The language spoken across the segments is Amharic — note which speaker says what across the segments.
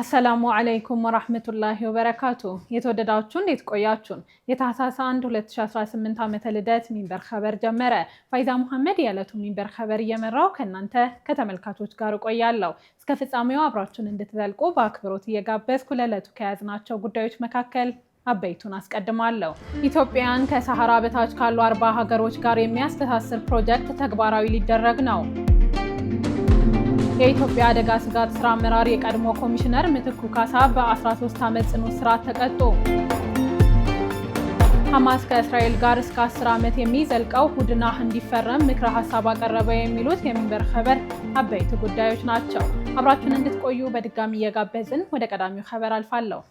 Speaker 1: አሰላሙ አለይኩም ወራህመቱላሂ ወበረካቱ። የተወደዳችሁ እንዴት ቆያችሁን? የታህሳስ 1 2018 ዓመተ ልደት ሚንበር ኸበር ጀመረ። ፋይዛ ሙሐመድ የዕለቱ ሚንበር ኸበር እየመራው ከእናንተ ከተመልካቾች ጋር እቆያለሁ። እስከ ፍጻሜው አብራችሁን እንድትዘልቁ በአክብሮት እየጋበዝኩ ለዕለቱ ከያዝናቸው ጉዳዮች መካከል አበይቱን አስቀድማለሁ። ኢትዮጵያን ከሰሐራ በታች ካሉ አርባ ሀገሮች ጋር የሚያስተሳስር ፕሮጀክት ተግባራዊ ሊደረግ ነው። የኢትዮጵያ አደጋ ስጋት ስራ አመራር የቀድሞ ኮሚሽነር ምትኩ ካሳ በ13 ዓመት ጽኑ እስራት ተቀጡ። ሐማስ ከእስራኤል ጋር እስከ 10 ዓመት የሚዘልቀው ሁድናህ እንዲፈረም ምክረ ሀሳብ አቀረበ። የሚሉት የሚንበር ኸበር አበይት ጉዳዮች ናቸው። አብራችን እንድትቆዩ በድጋሚ እየጋበዝን ወደ ቀዳሚው ኸበር አልፋለሁ።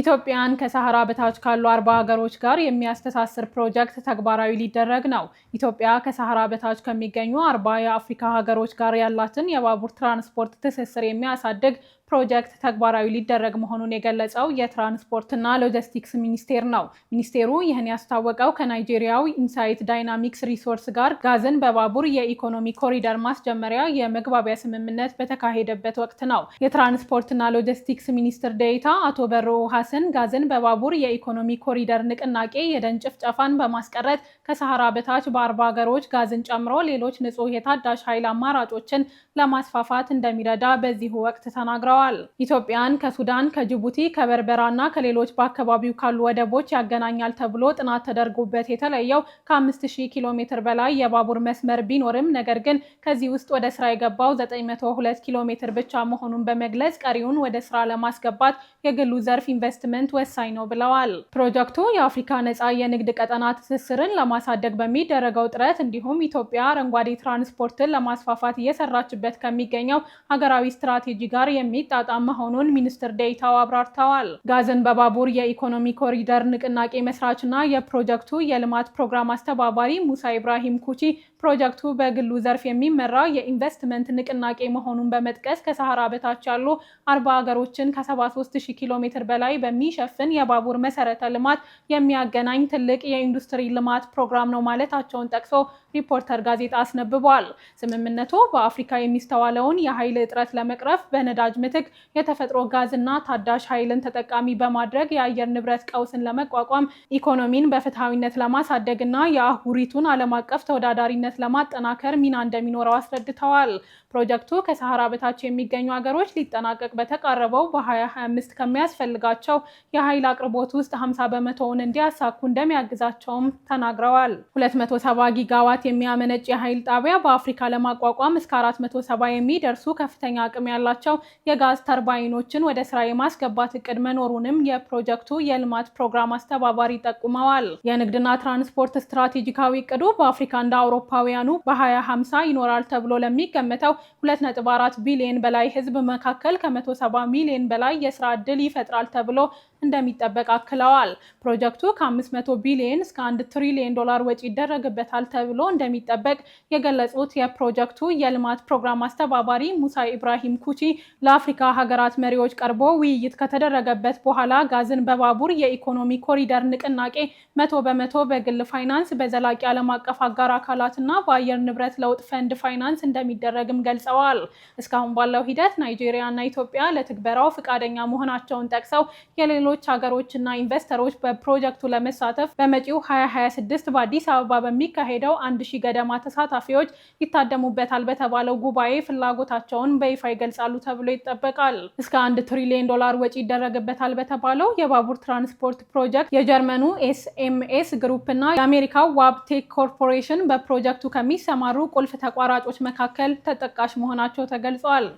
Speaker 1: ኢትዮጵያን ከሰሃራ በታች ካሉ አርባ ሀገሮች ጋር የሚያስተሳስር ፕሮጀክት ተግባራዊ ሊደረግ ነው። ኢትዮጵያ ከሰሃራ በታች ከሚገኙ አርባ የአፍሪካ ሀገሮች ጋር ያላትን የባቡር ትራንስፖርት ትስስር የሚያሳድግ ፕሮጀክት ተግባራዊ ሊደረግ መሆኑን የገለጸው የትራንስፖርትና ሎጂስቲክስ ሚኒስቴር ነው። ሚኒስቴሩ ይህን ያስታወቀው ከናይጄሪያዊ ኢንሳይት ዳይናሚክስ ሪሶርስ ጋር ጋዝን በባቡር የኢኮኖሚ ኮሪደር ማስጀመሪያ የመግባቢያ ስምምነት በተካሄደበት ወቅት ነው። የትራንስፖርትና ሎጂስቲክስ ሚኒስትር ዴኤታ አቶ በሮ ሀሰን ጋዝን በባቡር የኢኮኖሚ ኮሪደር ንቅናቄ የደን ጭፍጨፋን በማስቀረት ከሰሃራ በታች በአርባ ሀገሮች ጋዝን ጨምሮ ሌሎች ንጹህ የታዳሽ ኃይል አማራጮችን ለማስፋፋት እንደሚረዳ በዚሁ ወቅት ተናግረዋል። ገልጸዋል። ኢትዮጵያን ከሱዳን፣ ከጅቡቲ፣ ከበርበራ እና ከሌሎች በአካባቢው ካሉ ወደቦች ያገናኛል ተብሎ ጥናት ተደርጎበት የተለየው ከ5000 ኪሎ ሜትር በላይ የባቡር መስመር ቢኖርም ነገር ግን ከዚህ ውስጥ ወደ ስራ የገባው 902 ኪሎ ሜትር ብቻ መሆኑን በመግለጽ ቀሪውን ወደ ስራ ለማስገባት የግሉ ዘርፍ ኢንቨስትመንት ወሳኝ ነው ብለዋል። ፕሮጀክቱ የአፍሪካ ነጻ የንግድ ቀጠና ትስስርን ለማሳደግ በሚደረገው ጥረት እንዲሁም ኢትዮጵያ አረንጓዴ ትራንስፖርትን ለማስፋፋት እየሰራችበት ከሚገኘው ሀገራዊ ስትራቴጂ ጋር የሚ የሚጣጣም መሆኑን ሚኒስትር ዴኤታው አብራርተዋል። ጋዝን በባቡር የኢኮኖሚ ኮሪደር ንቅናቄ መስራችና የፕሮጀክቱ የልማት ፕሮግራም አስተባባሪ ሙሳ ኢብራሂም ኩቺ ፕሮጀክቱ በግሉ ዘርፍ የሚመራ የኢንቨስትመንት ንቅናቄ መሆኑን በመጥቀስ ከሰሃራ በታች ያሉ አርባ ሀገሮችን ከ73000 ኪሎ ሜትር በላይ በሚሸፍን የባቡር መሰረተ ልማት የሚያገናኝ ትልቅ የኢንዱስትሪ ልማት ፕሮግራም ነው ማለታቸውን ጠቅሶ ሪፖርተር ጋዜጣ አስነብቧል። ስምምነቱ በአፍሪካ የሚስተዋለውን የኃይል እጥረት ለመቅረፍ በነዳጅ ምትክ የተፈጥሮ ጋዝ እና ታዳሽ ኃይልን ተጠቃሚ በማድረግ የአየር ንብረት ቀውስን ለመቋቋም ኢኮኖሚን በፍትሐዊነት ለማሳደግ እና የአህጉሪቱን ዓለም አቀፍ ተወዳዳሪነት ግንኙነት ለማጠናከር ሚና እንደሚኖረው አስረድተዋል። ፕሮጀክቱ ከሰሃራ በታች የሚገኙ ሀገሮች ሊጠናቀቅ በተቃረበው በ2025 ከሚያስፈልጋቸው የኃይል አቅርቦት ውስጥ 50 በመቶውን እንዲያሳኩ እንደሚያግዛቸውም ተናግረዋል። 270 ጊጋዋት የሚያመነጭ የኃይል ጣቢያ በአፍሪካ ለማቋቋም እስከ 470 የሚደርሱ ከፍተኛ አቅም ያላቸው የጋዝ ተርባይኖችን ወደ ስራ የማስገባት እቅድ መኖሩንም የፕሮጀክቱ የልማት ፕሮግራም አስተባባሪ ጠቁመዋል። የንግድና ትራንስፖርት ስትራቴጂካዊ እቅዱ በአፍሪካ እንደ አውሮፓውያኑ በ2050 ይኖራል ተብሎ ለሚገመተው 2.4 ቢሊዮን በላይ ህዝብ መካከል ከ170 ሚሊዮን በላይ የስራ ዕድል ይፈጥራል ተብሎ እንደሚጠበቅ አክለዋል። ፕሮጀክቱ ከ500 ቢሊዮን እስከ 1 ትሪሊዮን ዶላር ወጪ ይደረግበታል ተብሎ እንደሚጠበቅ የገለጹት የፕሮጀክቱ የልማት ፕሮግራም አስተባባሪ ሙሳ ኢብራሂም ኩቺ ለአፍሪካ ሀገራት መሪዎች ቀርቦ ውይይት ከተደረገበት በኋላ ጋዝን በባቡር የኢኮኖሚ ኮሪደር ንቅናቄ መቶ በመቶ በግል ፋይናንስ በዘላቂ ዓለም አቀፍ አጋር አካላትና በአየር ንብረት ለውጥ ፈንድ ፋይናንስ እንደሚደረግም ገልጸዋል። እስካሁን ባለው ሂደት ናይጄሪያ ኢትዮጵያ ለትግበራው ፈቃደኛ መሆናቸውን ጠቅሰው የሌሎ ሌሎች ሀገሮችና ኢንቨስተሮች በፕሮጀክቱ ለመሳተፍ በመጪው 2026 በአዲስ አበባ በሚካሄደው አንድ ሺህ ገደማ ተሳታፊዎች ይታደሙበታል በተባለው ጉባኤ ፍላጎታቸውን በይፋ ይገልጻሉ ተብሎ ይጠበቃል። እስከ አንድ ትሪሊዮን ዶላር ወጪ ይደረግበታል በተባለው የባቡር ትራንስፖርት ፕሮጀክት የጀርመኑ ኤስኤምኤስ ግሩፕ እና የአሜሪካ ዋብቴክ ቴክ ኮርፖሬሽን በፕሮጀክቱ ከሚሰማሩ ቁልፍ ተቋራጮች መካከል ተጠቃሽ መሆናቸው ተገልጿል።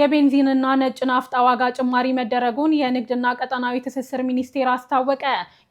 Speaker 1: የቤንዚንና ነጭ ናፍጣ ዋጋ ጭማሪ መደረጉን የንግድና ቀጠናዊ ትስስር ሚኒስቴር አስታወቀ።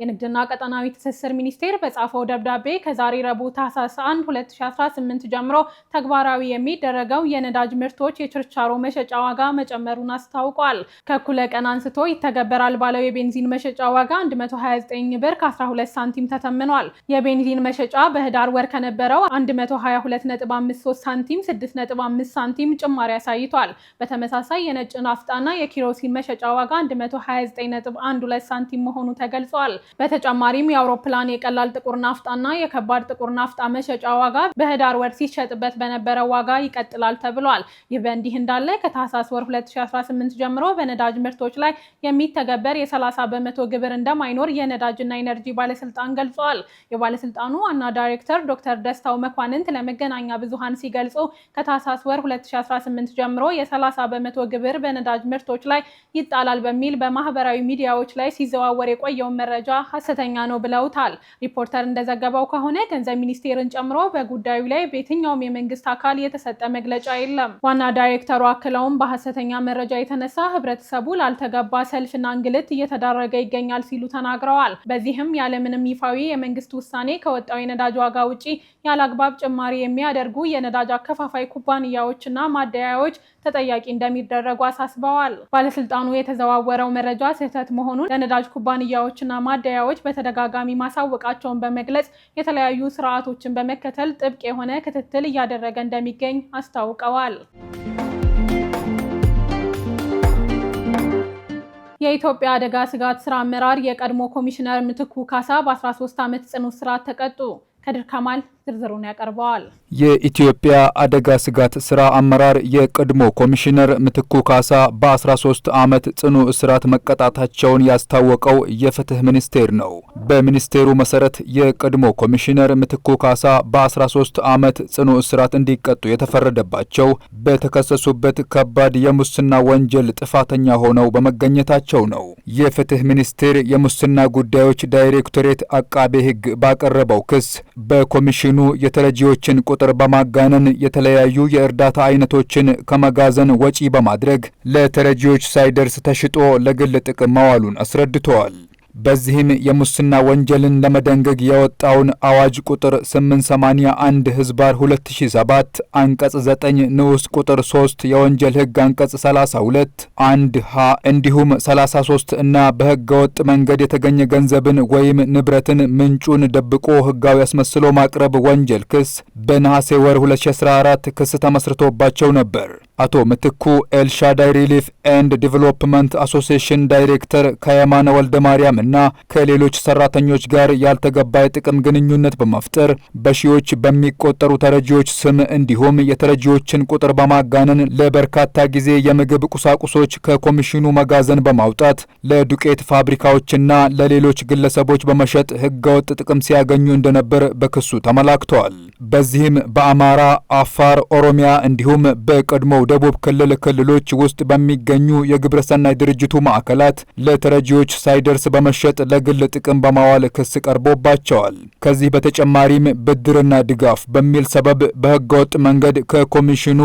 Speaker 1: የንግድና ቀጠናዊ ትስስር ሚኒስቴር በጻፈው ደብዳቤ ከዛሬ ረቡዕ ታህሳስ 1 2018 ጀምሮ ተግባራዊ የሚደረገው የነዳጅ ምርቶች የችርቻሮ መሸጫ ዋጋ መጨመሩን አስታውቋል። ከእኩለ ቀን አንስቶ ይተገበራል ባለው የቤንዚን መሸጫ ዋጋ 129 ብር ከ12 ሳንቲም ተተምኗል። የቤንዚን መሸጫ በህዳር ወር ከነበረው 122.53 ሳንቲም 6.5 ሳንቲም ጭማሪ አሳይቷል። በተመሳሳይ የነጭ ናፍጣና የኪሮሲን መሸጫ ዋጋ 129.12 ሳንቲም መሆኑ ተገልጿል። በተጨማሪም የአውሮፕላን የቀላል ጥቁር ናፍጣና የከባድ ጥቁር ናፍጣ መሸጫ ዋጋ በህዳር ወር ሲሸጥበት በነበረው ዋጋ ይቀጥላል ተብሏል። ይህ በእንዲህ እንዳለ ከታህሳስ ወር 2018 ጀምሮ በነዳጅ ምርቶች ላይ የሚተገበር የ30 በመቶ ግብር እንደማይኖር የነዳጅና ኤነርጂ ባለስልጣን ገልጿል። የባለስልጣኑ ዋና ዳይሬክተር ዶክተር ደስታው መኳንንት ለመገናኛ ብዙሃን ሲገልጹ ከታህሳስ ወር 2018 ጀምሮ የ30 በመቶ ግብር በነዳጅ ምርቶች ላይ ይጣላል በሚል በማህበራዊ ሚዲያዎች ላይ ሲዘዋወር የቆየውን መረጃ ሀሰተኛ ነው ብለውታል። ሪፖርተር እንደዘገበው ከሆነ ገንዘብ ሚኒስቴርን ጨምሮ በጉዳዩ ላይ በየትኛውም የመንግስት አካል የተሰጠ መግለጫ የለም። ዋና ዳይሬክተሩ አክለውም በሀሰተኛ መረጃ የተነሳ ህብረተሰቡ ላልተገባ ሰልፍና እንግልት እየተዳረገ ይገኛል ሲሉ ተናግረዋል። በዚህም ያለምንም ይፋዊ የመንግስት ውሳኔ ከወጣው የነዳጅ ዋጋ ውጪ ያለ አግባብ ጭማሪ የሚያደርጉ የነዳጅ አከፋፋይ ኩባንያዎችና ማደያዎች ተጠያቂ እንደሚደረጉ አሳስበዋል። ባለስልጣኑ የተዘዋወረው መረጃ ስህተት መሆኑን ለነዳጅ ኩባንያዎችና ማደያዎች በተደጋጋሚ ማሳወቃቸውን በመግለጽ የተለያዩ ስርዓቶችን በመከተል ጥብቅ የሆነ ክትትል እያደረገ እንደሚገኝ አስታውቀዋል። የኢትዮጵያ አደጋ ስጋት ስራ አመራር የቀድሞ ኮሚሽነር ምትኩ ካሳ በ13 ዓመት ጽኑ እስራት ተቀጡ። ከድር ከማል ዝርዝሩን ያቀርበዋል።
Speaker 2: የኢትዮጵያ አደጋ ስጋት ስራ አመራር የቀድሞ ኮሚሽነር ምትኩ ካሳ በ13 ዓመት ጽኑ እስራት መቀጣታቸውን ያስታወቀው የፍትህ ሚኒስቴር ነው። በሚኒስቴሩ መሰረት የቀድሞ ኮሚሽነር ምትኩ ካሳ በ13 ዓመት ጽኑ እስራት እንዲቀጡ የተፈረደባቸው በተከሰሱበት ከባድ የሙስና ወንጀል ጥፋተኛ ሆነው በመገኘታቸው ነው። የፍትህ ሚኒስቴር የሙስና ጉዳዮች ዳይሬክቶሬት አቃቤ ሕግ ባቀረበው ክስ በኮሚሽኑ በመሆኑ የተረጂዎችን ቁጥር በማጋነን የተለያዩ የእርዳታ አይነቶችን ከመጋዘን ወጪ በማድረግ ለተረጂዎች ሳይደርስ ተሽጦ ለግል ጥቅም መዋሉን አስረድተዋል። በዚህም የሙስና ወንጀልን ለመደንገግ የወጣውን አዋጅ ቁጥር 881 ህዝባር 2007 አንቀጽ 9 ንዑስ ቁጥር 3 የወንጀል ህግ አንቀጽ 32 አንድ ሀ እንዲሁም 33 እና በህገወጥ መንገድ የተገኘ ገንዘብን ወይም ንብረትን ምንጩን ደብቆ ህጋዊ አስመስሎ ማቅረብ ወንጀል ክስ በነሐሴ ወር 2014 ክስ ተመስርቶባቸው ነበር። አቶ ምትኩ ኤልሻዳይ ሪሊፍ ኤንድ ዲቨሎፕመንት አሶሲሽን ዳይሬክተር ከየማነ ወልደ ማርያም እና ከሌሎች ሰራተኞች ጋር ያልተገባ የጥቅም ግንኙነት በመፍጠር በሺዎች በሚቆጠሩ ተረጂዎች ስም እንዲሁም የተረጂዎችን ቁጥር በማጋነን ለበርካታ ጊዜ የምግብ ቁሳቁሶች ከኮሚሽኑ መጋዘን በማውጣት ለዱቄት ፋብሪካዎችና ለሌሎች ግለሰቦች በመሸጥ ህገወጥ ጥቅም ሲያገኙ እንደነበር በክሱ ተመላክተዋል። በዚህም በአማራ፣ አፋር፣ ኦሮሚያ እንዲሁም በቀድሞው ደቡብ ክልል ክልሎች ውስጥ በሚገኙ የግብረሰናይ ድርጅቱ ማዕከላት ለተረጂዎች ሳይደርስ በመሸጥ ለግል ጥቅም በማዋል ክስ ቀርቦባቸዋል። ከዚህ በተጨማሪም ብድርና ድጋፍ በሚል ሰበብ በህገወጥ መንገድ ከኮሚሽኑ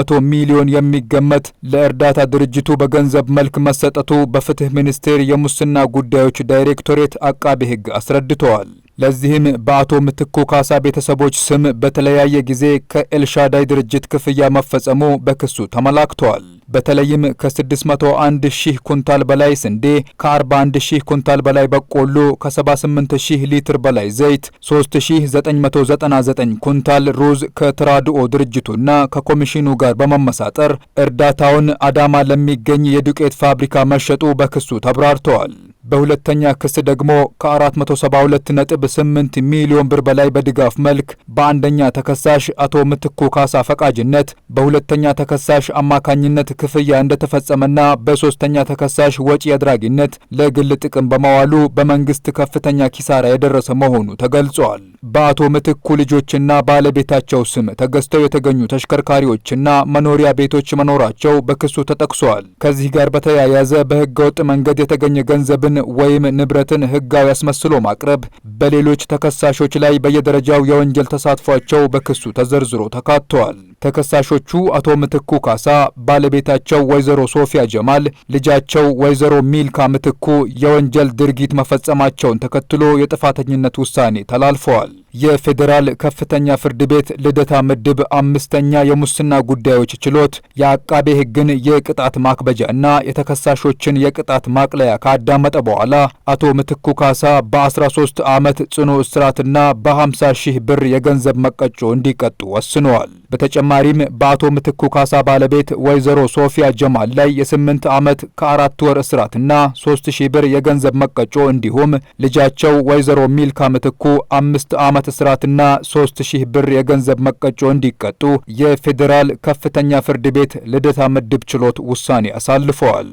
Speaker 2: 100 ሚሊዮን የሚገመት ለእርዳታ ድርጅቱ በገንዘብ መልክ መሰጠቱ በፍትህ ሚኒስቴር የሙስና ጉዳዮች ዳይሬክቶሬት አቃቢ ህግ አስረድተዋል። ለዚህም በአቶ ምትኩ ካሳ ቤተሰቦች ስም በተለያየ ጊዜ ከኤልሻዳይ ድርጅት ክፍያ መፈጸሙ በክሱ ተመላክቷል። በተለይም ከ601 ሺህ ኩንታል በላይ ስንዴ፣ ከ41 ሺህ ኩንታል በላይ በቆሎ፣ ከ78 ሺህ ሊትር በላይ ዘይት፣ 3999 ኩንታል ሩዝ ከትራድኦ ድርጅቱና ከኮሚሽኑ ጋር በመመሳጠር እርዳታውን አዳማ ለሚገኝ የዱቄት ፋብሪካ መሸጡ በክሱ ተብራርተዋል። በሁለተኛ ክስ ደግሞ ከ472.8 ሚሊዮን ብር በላይ በድጋፍ መልክ በአንደኛ ተከሳሽ አቶ ምትኩ ካሳ ፈቃጅነት በሁለተኛ ተከሳሽ አማካኝነት ክፍያ እንደተፈጸመና በሶስተኛ ተከሳሽ ወጪ አድራጊነት ለግል ጥቅም በማዋሉ በመንግስት ከፍተኛ ኪሳራ የደረሰ መሆኑ ተገልጿል። በአቶ ምትኩ ልጆችና ባለቤታቸው ስም ተገዝተው የተገኙ ተሽከርካሪዎችና መኖሪያ ቤቶች መኖራቸው በክሱ ተጠቅሷል። ከዚህ ጋር በተያያዘ በህገወጥ መንገድ የተገኘ ገንዘብን ወይም ንብረትን ህጋዊ አስመስሎ ማቅረብ በሌሎች ተከሳሾች ላይ በየደረጃው የወንጀል ተሳትፏቸው በክሱ ተዘርዝሮ ተካቷል። ተከሳሾቹ አቶ ምትኩ ካሳ፣ ባለቤት ባለቤታቸው ወይዘሮ ሶፊያ ጀማል ልጃቸው ወይዘሮ ሚልካ ምትኩ የወንጀል ድርጊት መፈጸማቸውን ተከትሎ የጥፋተኝነት ውሳኔ ተላልፈዋል። የፌዴራል ከፍተኛ ፍርድ ቤት ልደታ ምድብ አምስተኛ የሙስና ጉዳዮች ችሎት የአቃቤ ሕግን የቅጣት ማክበጃ እና የተከሳሾችን የቅጣት ማቅለያ ካዳመጠ በኋላ አቶ ምትኩ ካሳ በ13 ዓመት ጽኑ እስራትና በ50 ሺህ ብር የገንዘብ መቀጮ እንዲቀጡ ወስነዋል። በተጨማሪም በአቶ ምትኩ ካሳ ባለቤት ወይዘሮ ሶፊያ ጀማል ላይ የ የ8 ዓመት ከአራት ወር እስራትና 3 ሺህ ብር የገንዘብ መቀጮ እንዲሁም ልጃቸው ወይዘሮ ሚልካ ምትኩ አምስት ዓመት ዓመት እስራትና 3000 ብር የገንዘብ መቀጮ እንዲቀጡ የፌዴራል ከፍተኛ ፍርድ ቤት ልደታ ምድብ ችሎት ውሳኔ አሳልፈዋል።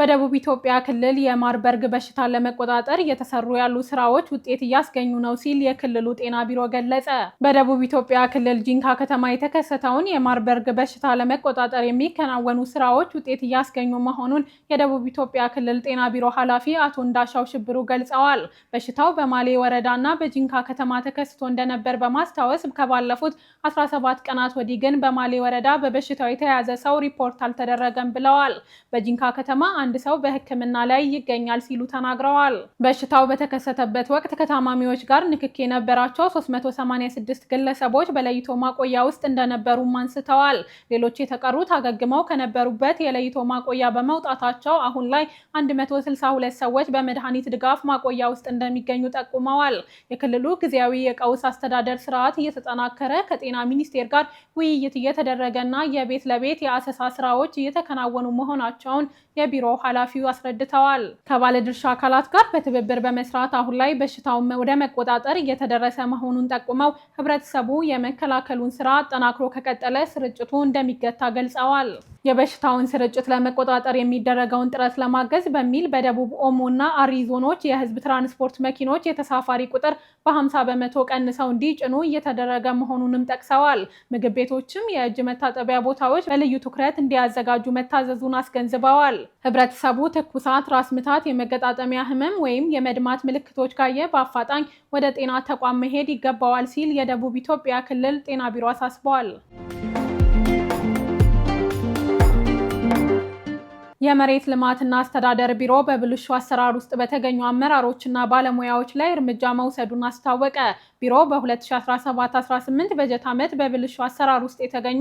Speaker 1: በደቡብ ኢትዮጵያ ክልል የማርበርግ በሽታን ለመቆጣጠር እየተሰሩ ያሉ ስራዎች ውጤት እያስገኙ ነው ሲል የክልሉ ጤና ቢሮ ገለጸ። በደቡብ ኢትዮጵያ ክልል ጂንካ ከተማ የተከሰተውን የማርበርግ በሽታ ለመቆጣጠር የሚከናወኑ ስራዎች ውጤት እያስገኙ መሆኑን የደቡብ ኢትዮጵያ ክልል ጤና ቢሮ ኃላፊ አቶ እንዳሻው ሽብሩ ገልጸዋል። በሽታው በማሌ ወረዳና በጂንካ ከተማ ተከስቶ እንደነበር በማስታወስ ከባለፉት 17 ቀናት ወዲህ ግን በማሌ ወረዳ በበሽታው የተያዘ ሰው ሪፖርት አልተደረገም ብለዋል። በጂንካ ከተማ አንድ ሰው በሕክምና ላይ ይገኛል ሲሉ ተናግረዋል። በሽታው በተከሰተበት ወቅት ከታማሚዎች ጋር ንክክ የነበራቸው 386 ግለሰቦች በለይቶ ማቆያ ውስጥ እንደነበሩም አንስተዋል። ሌሎች የተቀሩት አገግመው ከነበሩበት የለይቶ ማቆያ በመውጣታቸው አሁን ላይ 162 ሰዎች በመድኃኒት ድጋፍ ማቆያ ውስጥ እንደሚገኙ ጠቁመዋል። የክልሉ ጊዜያዊ የቀውስ አስተዳደር ስርዓት እየተጠናከረ ከጤና ሚኒስቴር ጋር ውይይት እየተደረገና የቤት ለቤት የአሰሳ ስራዎች እየተከናወኑ መሆናቸውን የቢሮ ኃላፊው አስረድተዋል። ከባለድርሻ አካላት ጋር በትብብር በመስራት አሁን ላይ በሽታውን ወደ መቆጣጠር እየተደረሰ መሆኑን ጠቁመው ህብረተሰቡ የመከላከሉን ስራ አጠናክሮ ከቀጠለ ስርጭቱ እንደሚገታ ገልጸዋል። የበሽታውን ስርጭት ለመቆጣጠር የሚደረገውን ጥረት ለማገዝ በሚል በደቡብ ኦሞ እና አሪ ዞኖች የህዝብ ትራንስፖርት መኪኖች የተሳፋሪ ቁጥር በ50 በመቶ ቀንሰው እንዲጭኑ እየተደረገ መሆኑንም ጠቅሰዋል። ምግብ ቤቶችም የእጅ መታጠቢያ ቦታዎች በልዩ ትኩረት እንዲያዘጋጁ መታዘዙን አስገንዝበዋል። ህብረተሰቡ ትኩሳት፣ ራስ ምታት፣ የመገጣጠሚያ ህመም ወይም የመድማት ምልክቶች ካየ በአፋጣኝ ወደ ጤና ተቋም መሄድ ይገባዋል ሲል የደቡብ ኢትዮጵያ ክልል ጤና ቢሮ አሳስበዋል። የመሬት ልማትና አስተዳደር ቢሮ በብልሹ አሰራር ውስጥ በተገኙ አመራሮችና ባለሙያዎች ላይ እርምጃ መውሰዱን አስታወቀ። ቢሮ በ2017/18 በጀት ዓመት በብልሹ አሰራር ውስጥ የተገኙ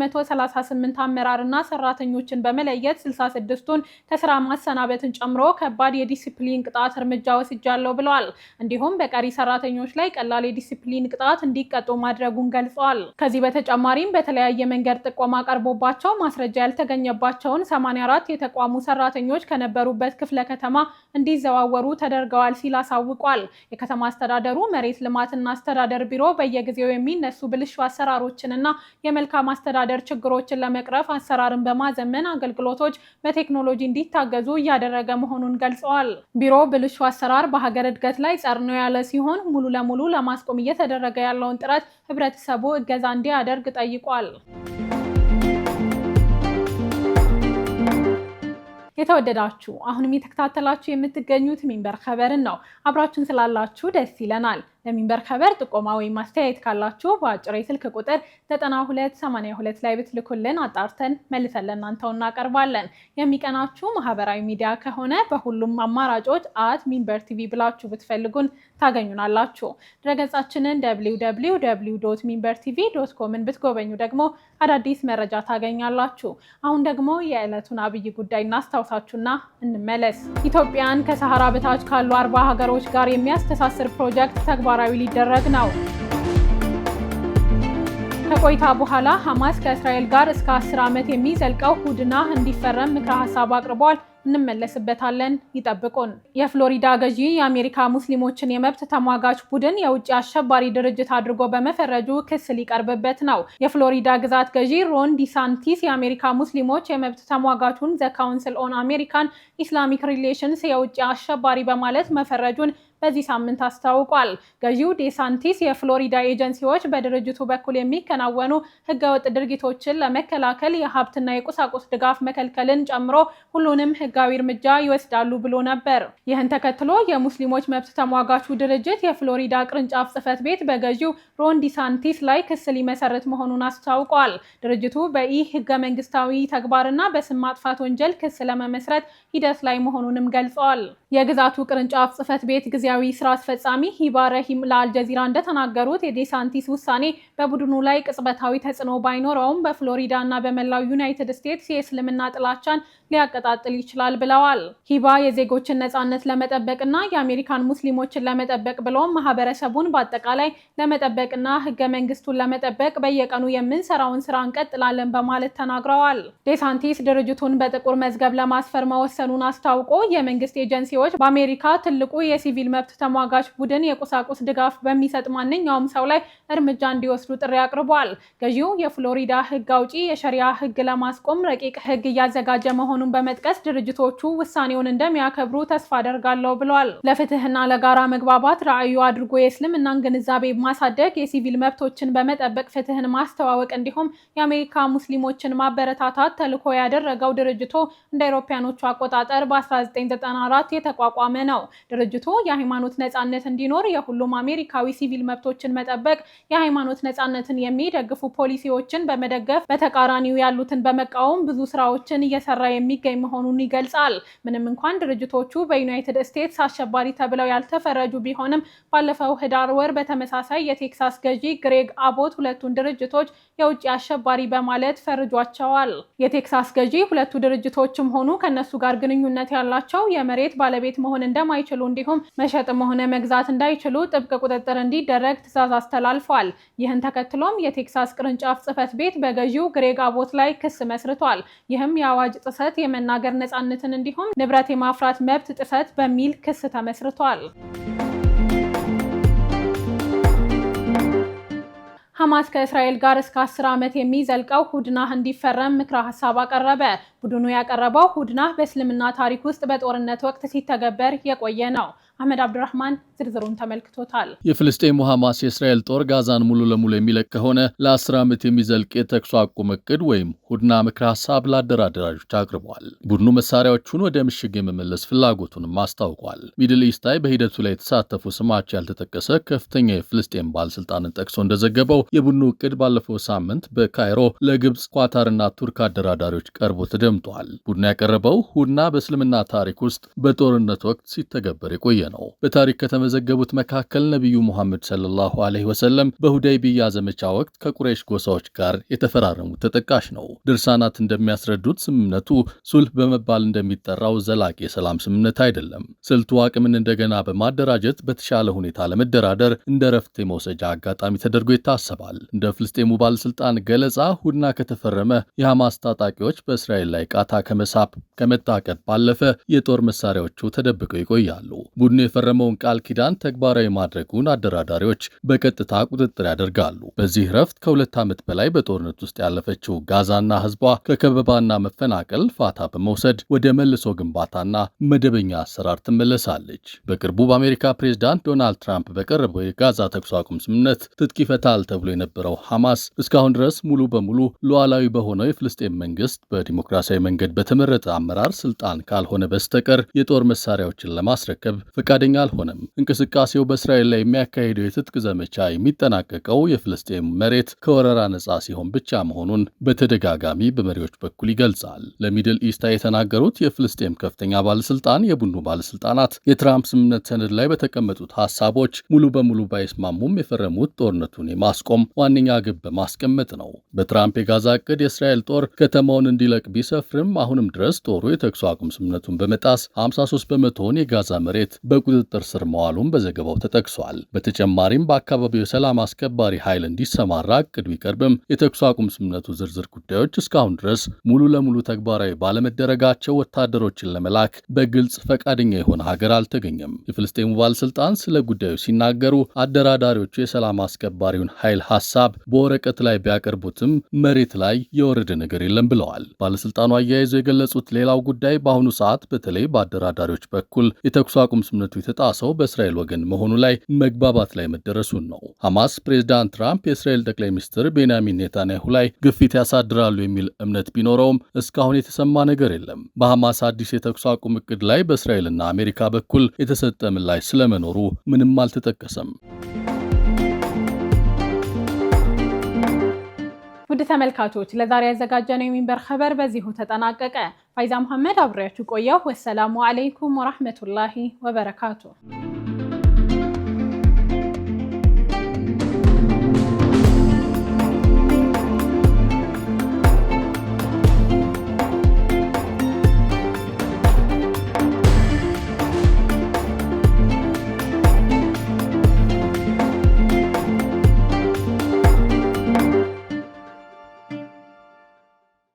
Speaker 1: 138 አመራርና ሰራተኞችን በመለየት 66ቱን ከስራ ማሰናበትን ጨምሮ ከባድ የዲሲፕሊን ቅጣት እርምጃ ወስጃለሁ ብለዋል። እንዲሁም በቀሪ ሰራተኞች ላይ ቀላል የዲሲፕሊን ቅጣት እንዲቀጡ ማድረጉን ገልጸዋል። ከዚህ በተጨማሪም በተለያየ መንገድ ጥቆማ ቀርቦባቸው ማስረጃ ያልተገኘባቸውን 84 የተቋሙ ሰራተኞች ከነበሩበት ክፍለ ከተማ እንዲዘዋወሩ ተደርገዋል ሲል አሳውቋል። የከተማ አስተዳደሩ መሬት ልማት ልማትና አስተዳደር ቢሮ በየጊዜው የሚነሱ ብልሹ አሰራሮችንና የመልካም አስተዳደር ችግሮችን ለመቅረፍ አሰራርን በማዘመን አገልግሎቶች በቴክኖሎጂ እንዲታገዙ እያደረገ መሆኑን ገልጸዋል። ቢሮ ብልሹ አሰራር በሀገር እድገት ላይ ጸር ነው ያለ ሲሆን ሙሉ ለሙሉ ለማስቆም እየተደረገ ያለውን ጥረት ህብረተሰቡ እገዛ እንዲያደርግ ጠይቋል። የተወደዳችሁ አሁንም የተከታተላችሁ የምትገኙት ሚንበር ኸበርን ነው። አብራችሁን ስላላችሁ ደስ ይለናል። ለሚንበርከበር ጥቆማ ወይም አስተያየት ካላችሁ በአጭር የስልክ ቁጥር 9282 ላይ ብትልኩልን አጣርተን መልሰን ለእናንተው እናቀርባለን። የሚቀናችሁ ማህበራዊ ሚዲያ ከሆነ በሁሉም አማራጮች አት ሚንበር ቲቪ ብላችሁ ብትፈልጉን ታገኙናላችሁ። ድረገጻችንን ሚንበር ቲቪ ዶት ኮምን ብትጎበኙ ደግሞ አዳዲስ መረጃ ታገኛላችሁ። አሁን ደግሞ የዕለቱን አብይ ጉዳይ እናስታውሳችሁና እንመለስ። ኢትዮጵያን ከሰሃራ በታች ካሉ አርባ ሀገሮች ጋር የሚያስተሳስር ፕሮጀክት ተግባ ተግባራዊ ሊደረግ ነው። ከቆይታ በኋላ ሐማስ ከእስራኤል ጋር እስከ አስር ዓመት የሚዘልቀው ሁድና እንዲፈረም ምክረ ሀሳብ አቅርቧል። እንመለስበታለን። ይጠብቁን። የፍሎሪዳ ገዢ የአሜሪካ ሙስሊሞችን የመብት ተሟጋች ቡድን የውጭ አሸባሪ ድርጅት አድርጎ በመፈረጁ ክስ ሊቀርብበት ነው። የፍሎሪዳ ግዛት ገዢ ሮን ዲሳንቲስ የአሜሪካ ሙስሊሞች የመብት ተሟጋቹን ዘ ካውንስል ኦን አሜሪካን ኢስላሚክ ሪሌሽንስ የውጭ አሸባሪ በማለት መፈረጁን በዚህ ሳምንት አስታውቋል። ገዢው ዴሳንቲስ የፍሎሪዳ ኤጀንሲዎች በድርጅቱ በኩል የሚከናወኑ ህገወጥ ድርጊቶችን ለመከላከል የሀብትና የቁሳቁስ ድጋፍ መከልከልን ጨምሮ ሁሉንም ህጋዊ እርምጃ ይወስዳሉ ብሎ ነበር። ይህን ተከትሎ የሙስሊሞች መብት ተሟጋቹ ድርጅት የፍሎሪዳ ቅርንጫፍ ጽህፈት ቤት በገዢው ሮን ዲሳንቲስ ላይ ክስ ሊመሰርት መሆኑን አስታውቋል። ድርጅቱ በኢ ህገ መንግስታዊ ተግባርና በስም ማጥፋት ወንጀል ክስ ለመመስረት ሂደት ላይ መሆኑንም ገልጸዋል። የግዛቱ ቅርንጫፍ ጽህፈት ቤት ጊዜ ጊዜያዊ ስራ አስፈጻሚ ሂባ ረሂም ለአልጀዚራ እንደተናገሩት የዴሳንቲስ ውሳኔ በቡድኑ ላይ ቅጽበታዊ ተጽዕኖ ባይኖረውም በፍሎሪዳ እና በመላው ዩናይትድ ስቴትስ የእስልምና ጥላቻን ሊያቀጣጥል ይችላል ብለዋል። ሂባ የዜጎችን ነጻነት ለመጠበቅና የአሜሪካን ሙስሊሞችን ለመጠበቅ ብሎም ማህበረሰቡን በአጠቃላይ ለመጠበቅና ህገ መንግስቱን ለመጠበቅ በየቀኑ የምንሰራውን ስራ እንቀጥላለን በማለት ተናግረዋል። ዴሳንቲስ ድርጅቱን በጥቁር መዝገብ ለማስፈር መወሰኑን አስታውቆ የመንግስት ኤጀንሲዎች በአሜሪካ ትልቁ የሲቪል መብት ተሟጋች ቡድን የቁሳቁስ ድጋፍ በሚሰጥ ማንኛውም ሰው ላይ እርምጃ እንዲወስዱ ጥሪ አቅርቧል። ገዢው የፍሎሪዳ ሕግ አውጪ የሸሪያ ሕግ ለማስቆም ረቂቅ ሕግ እያዘጋጀ መሆኑን በመጥቀስ ድርጅቶቹ ውሳኔውን እንደሚያከብሩ ተስፋ አደርጋለሁ ብሏል። ለፍትህና ለጋራ መግባባት ራዕዩ አድርጎ የእስልምናን ግንዛቤ ማሳደግ፣ የሲቪል መብቶችን በመጠበቅ ፍትህን ማስተዋወቅ እንዲሁም የአሜሪካ ሙስሊሞችን ማበረታታት ተልዕኮ ያደረገው ድርጅቱ እንደ አውሮፓውያኖቹ አቆጣጠር በ1994 የተቋቋመ ነው። ድርጅቱ የሃይማኖት ነፃነት እንዲኖር የሁሉም አሜሪካዊ ሲቪል መብቶችን መጠበቅ፣ የሃይማኖት ነፃነትን የሚደግፉ ፖሊሲዎችን በመደገፍ በተቃራኒው ያሉትን በመቃወም ብዙ ስራዎችን እየሰራ የሚገኝ መሆኑን ይገልጻል። ምንም እንኳን ድርጅቶቹ በዩናይትድ ስቴትስ አሸባሪ ተብለው ያልተፈረጁ ቢሆንም ባለፈው ህዳር ወር በተመሳሳይ የቴክሳስ ገዢ ግሬግ አቦት ሁለቱን ድርጅቶች የውጭ አሸባሪ በማለት ፈርጇቸዋል። የቴክሳስ ገዢ ሁለቱ ድርጅቶችም ሆኑ ከነሱ ጋር ግንኙነት ያላቸው የመሬት ባለቤት መሆን እንደማይችሉ እንዲሁም መሸጥም ሆነ መግዛት እንዳይችሉ ጥብቅ ቁጥጥር እንዲደረግ ትዕዛዝ አስተላልፏል። ይህን ተከትሎም የቴክሳስ ቅርንጫፍ ጽህፈት ቤት በገዢው ግሬግ አቦት ላይ ክስ መስርቷል። ይህም የአዋጅ ጥሰት፣ የመናገር ነፃነትን እንዲሁም ንብረት የማፍራት መብት ጥሰት በሚል ክስ ተመስርቷል። ሐማስ ከእስራኤል ጋር እስከ አስር ዓመት የሚዘልቀው ሁድናህ እንዲፈረም ምክረ ሀሳብ አቀረበ። ቡድኑ ያቀረበው ሁድናህ በእስልምና ታሪክ ውስጥ በጦርነት ወቅት ሲተገበር የቆየ ነው። አህመድ አብዱራህማን ዝርዝሩን ተመልክቶታል።
Speaker 2: የፍልስጤሙ ሐማስ የእስራኤል ጦር ጋዛን ሙሉ ለሙሉ የሚለቅ ከሆነ ለአስር ዓመት የሚዘልቅ የተኩስ አቁም እቅድ ወይም ሁድና ምክር ሀሳብ ለአደራደራጆች አቅርቧል። ቡድኑ መሳሪያዎቹን ወደ ምሽግ የመመለስ ፍላጎቱንም አስታውቋል። ሚድል ኢስት አይ በሂደቱ ላይ የተሳተፉ ስማቸው ያልተጠቀሰ ከፍተኛ የፍልስጤም ባለስልጣንን ጠቅሶ እንደዘገበው የቡድኑ እቅድ ባለፈው ሳምንት በካይሮ ለግብፅ ኳታርና ቱርክ አደራዳሪዎች ቀርቦ ተደምጧል። ቡድኑ ያቀረበው ሁድና በእስልምና ታሪክ ውስጥ በጦርነት ወቅት ሲተገበር የቆየ ነው። በታሪክ ከተመዘገቡት መካከል ነቢዩ ሙሐመድ ሰለላሁ ዐለይሂ ወሰለም በሁደይቢያ ዘመቻ ወቅት ከቁሬሽ ጎሳዎች ጋር የተፈራረሙት ተጠቃሽ ነው። ድርሳናት እንደሚያስረዱት ስምምነቱ ሱልህ በመባል እንደሚጠራው ዘላቂ የሰላም ስምምነት አይደለም። ስልቱ አቅምን እንደገና በማደራጀት በተሻለ ሁኔታ ለመደራደር እንደ ረፍት የመውሰጃ አጋጣሚ ተደርጎ ይታሰባል። እንደ ፍልስጤሙ ባለስልጣን ገለጻ ሁድና ከተፈረመ የሐማስ ታጣቂዎች በእስራኤል ላይ ቃታ ከመሳብ ከመታቀድ ባለፈ የጦር መሳሪያዎቹ ተደብቀው ይቆያሉ። ቡድኑ የፈረመውን ቃል ኪዳን ተግባራዊ ማድረጉን አደራዳሪዎች በቀጥታ ቁጥጥር ያደርጋሉ። በዚህ ረፍት ከሁለት ዓመት በላይ በጦርነት ውስጥ ያለፈችው ጋዛና ህዝቧ ከከበባና መፈናቀል ፋታ በመውሰድ ወደ መልሶ ግንባታና መደበኛ አሰራር ትመለሳለች። በቅርቡ በአሜሪካ ፕሬዝዳንት ዶናልድ ትራምፕ በቀረበው የጋዛ ተኩስ አቁም ስምምነት ትጥቅ ይፈታል ተብሎ የነበረው ሐማስ እስካሁን ድረስ ሙሉ በሙሉ ሉዓላዊ በሆነው የፍልስጤም መንግስት በዲሞክራሲያዊ መንገድ በተመረጠ አመራር ስልጣን ካልሆነ በስተቀር የጦር መሳሪያዎችን ለማስረከብ ፈቃደኛ አልሆነም። እንቅስቃሴው በእስራኤል ላይ የሚያካሄደው የትጥቅ ዘመቻ የሚጠናቀቀው የፍልስጤም መሬት ከወረራ ነጻ ሲሆን ብቻ መሆኑን በተደጋጋሚ በመሪዎች በኩል ይገልጻል። ለሚድል ኢስታ የተናገሩት የፍልስጤም ከፍተኛ ባለስልጣን የቡድኑ ባለስልጣናት የትራምፕ ስምምነት ሰነድ ላይ በተቀመጡት ሀሳቦች ሙሉ በሙሉ ባይስማሙም የፈረሙት ጦርነቱን የማስቆም ዋነኛ ግብ በማስቀመጥ ነው። በትራምፕ የጋዛ እቅድ የእስራኤል ጦር ከተማውን እንዲለቅ ቢሰፍርም አሁንም ድረስ ጦሩ የተኩስ አቁም ስምምነቱን በመጣስ 53 በመቶውን የጋዛ መሬት በቁጥጥር ስር መዋሉን በዘገባው ተጠቅሷል። በተጨማሪም በአካባቢው የሰላም አስከባሪ ኃይል እንዲሰማራ እቅድ ቢቀርብም የተኩስ አቁም ስምነቱ ዝርዝር ጉዳዮች እስካሁን ድረስ ሙሉ ለሙሉ ተግባራዊ ባለመደረጋቸው ወታደሮችን ለመላክ በግልጽ ፈቃደኛ የሆነ ሀገር አልተገኘም። የፍልስጤሙ ባለስልጣን ስለ ጉዳዩ ሲናገሩ አደራዳሪዎቹ የሰላም አስከባሪውን ኃይል ሀሳብ በወረቀት ላይ ቢያቀርቡትም መሬት ላይ የወረደ ነገር የለም ብለዋል። ባለስልጣኑ አያይዘው የገለጹት ሌላው ጉዳይ በአሁኑ ሰዓት በተለይ በአደራዳሪዎች በኩል የተኩስ አቁም ስምምነቱ የተጣሰው በእስራኤል ወገን መሆኑ ላይ መግባባት ላይ መደረሱን ነው። ሐማስ ፕሬዚዳንት ትራምፕ የእስራኤል ጠቅላይ ሚኒስትር ቤንያሚን ኔታንያሁ ላይ ግፊት ያሳድራሉ የሚል እምነት ቢኖረውም እስካሁን የተሰማ ነገር የለም። በሐማስ አዲስ የተኩስ አቁም እቅድ ላይ በእስራኤልና አሜሪካ በኩል የተሰጠ ምላሽ ስለመኖሩ ምንም አልተጠቀሰም።
Speaker 1: ውድ ተመልካቾች ለዛሬ ያዘጋጀነው የሚንበር ኸበር በዚሁ ተጠናቀቀ። ፋይዛ መሐመድ አብሬያችሁ ቆየሁ። ወሰላሙ አለይኩም ወራህመቱላሂ ወበረካቱ።